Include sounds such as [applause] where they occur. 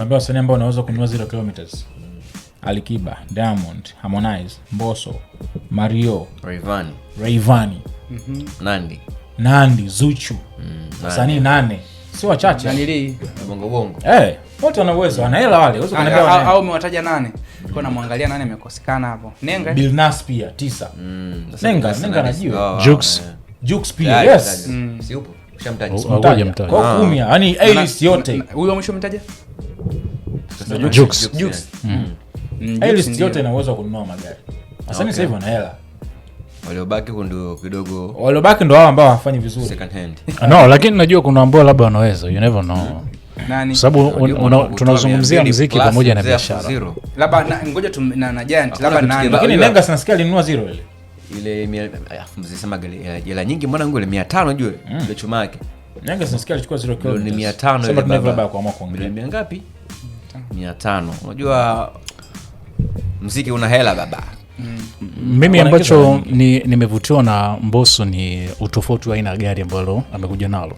tunaambia wasanii ambao wanaweza kunua zero kilometers Alikiba, Diamond, Harmonize, mboso Mario, raivani, raivani. mm -hmm. Nandi, Nandi, Zuchu, mm, wasanii mm, nane si wachache bongo bongo, eh, wote wana uwezo, wana hela wale. Au umewataja nane kwa namwangalia nane amekosekana hapo. Nenga, Billnass pia tisa. Mm, Nenga, Nenga anajua Jux, Jux pia yaani, yes, yaani, si upo, ushamtaja, kwa ah. kumi, yani A list yote. Huyo mwisho mtaja Mm. Mm. Mm, yote ina kununua magari asani sahivi wana hela waliobaki ndo kidogo hao ambao wanafanyi vizuri [laughs] no lakini najua kuna ambao labda wanaweza sababu tunazungumzia mziki pamoja na biashara labda ngoja nenga sinasikia alinunua zero ile ile mzisema hela eh, nyingi mbona ngule mia tano jue mm. chumake yake nenga sinasikia alichukua zero kilo mia tano ile baba ngapi mia tano unajua mziki una hela baba mimi ambacho nimevutiwa ni na mboso ni utofauti wa aina ya gari ambalo amekuja nalo